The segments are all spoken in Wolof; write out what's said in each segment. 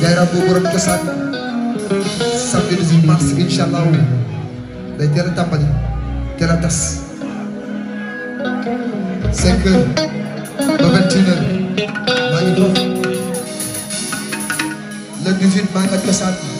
yaay rab boo borom cosaan samedi 18 mars incha allah day teel a tàmbali ba 21 heures maa ngi foofu le 18 maa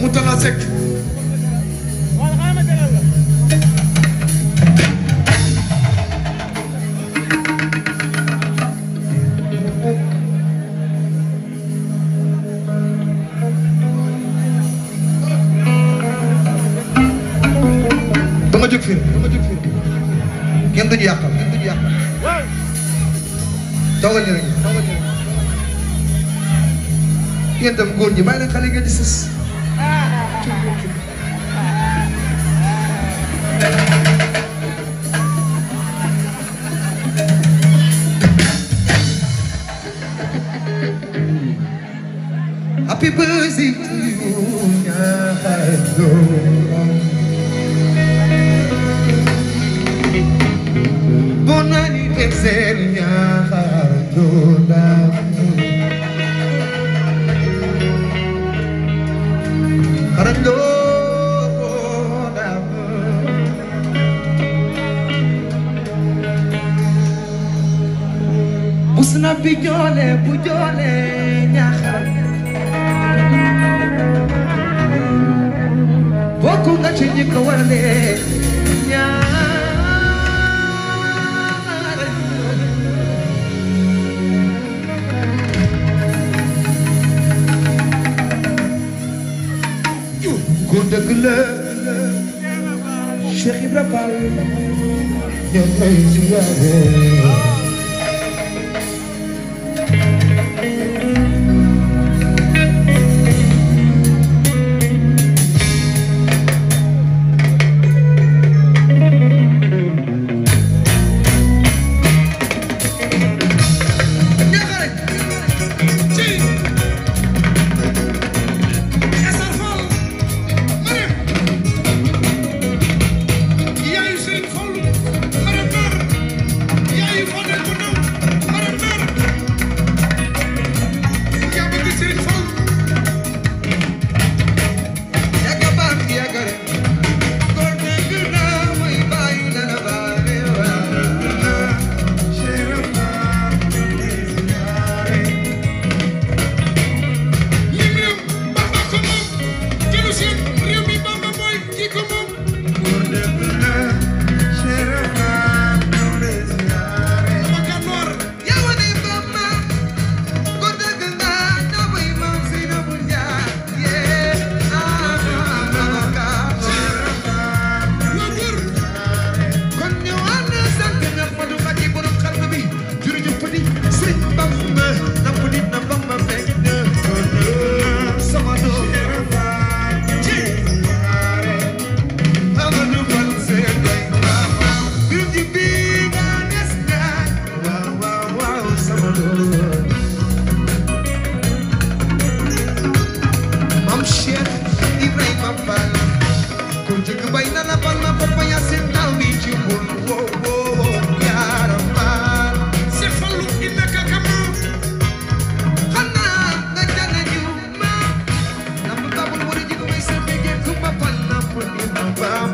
mu tala sekk dama jóg fii dama jóg fii kenn duñu yàqal kenn duñu yàqal taw a ngeen def góor ñi bàyyi leen xale ngeen di sës Happy birthday to you, noppi joole bu joole ñaaxal bokku nga ci ñi ko warale ñaar ku dëgg la Cheikh Ibrahima ñoom lay ziyaare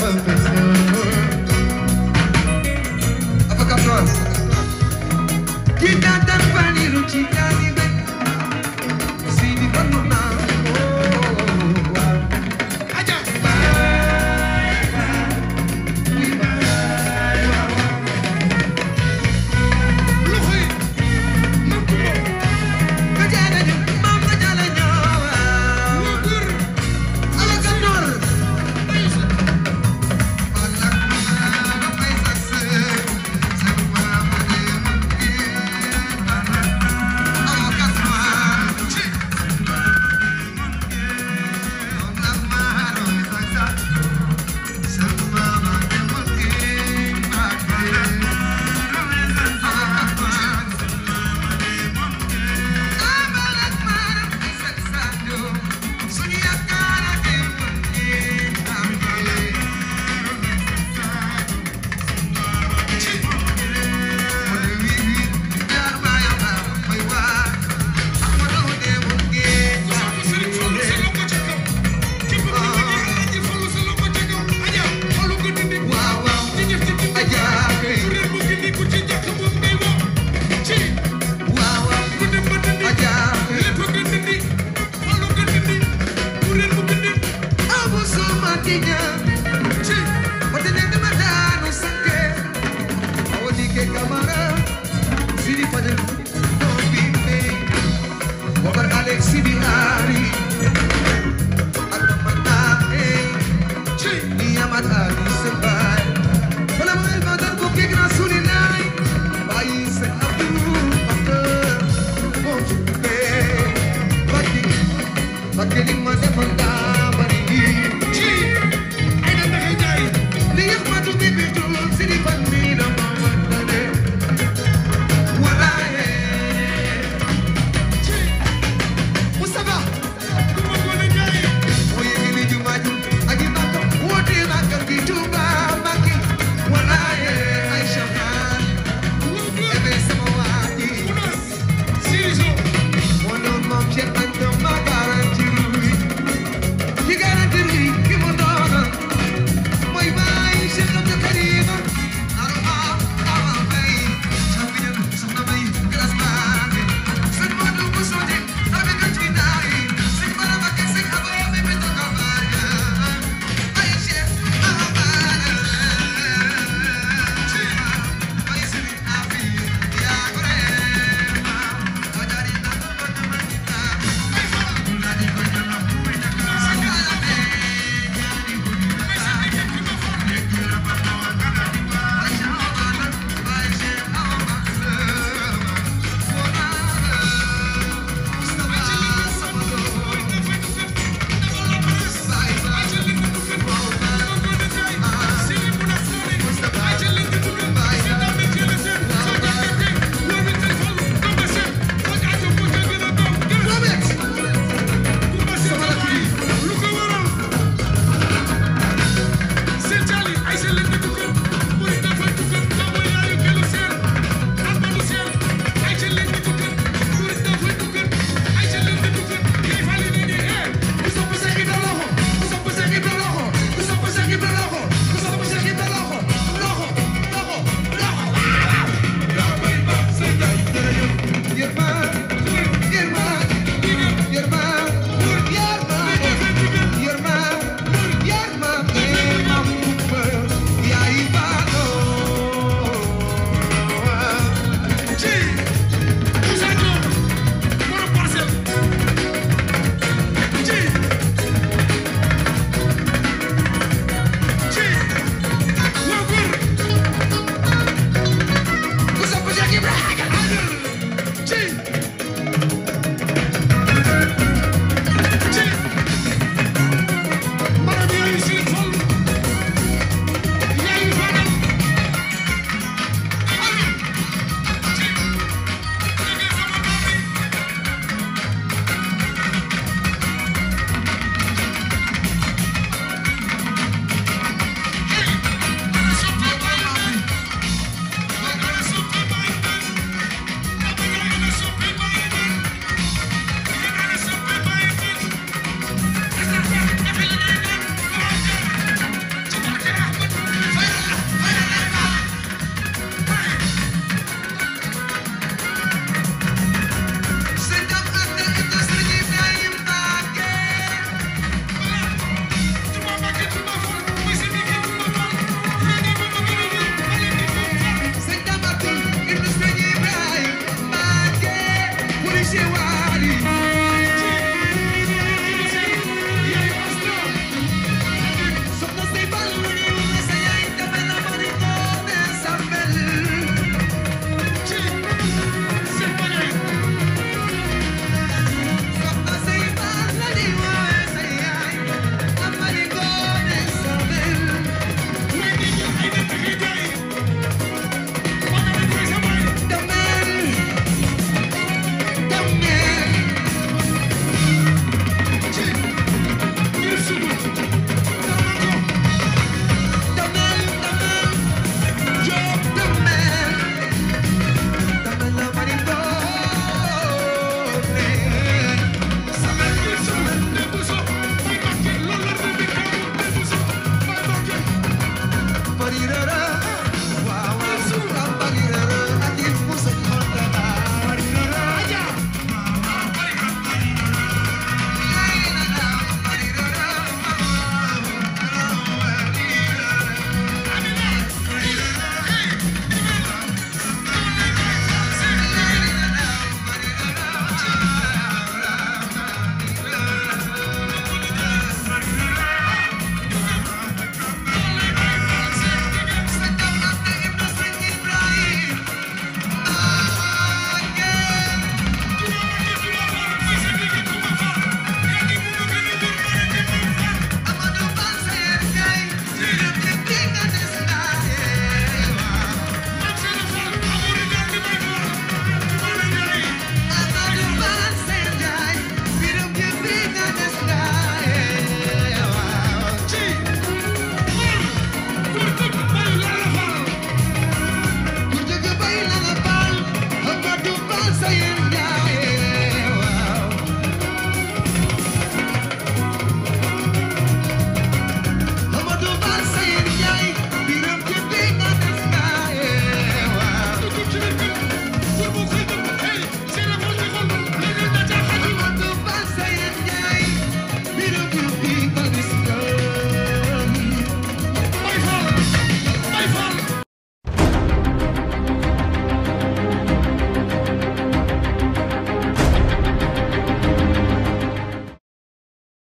love. ma defoon daal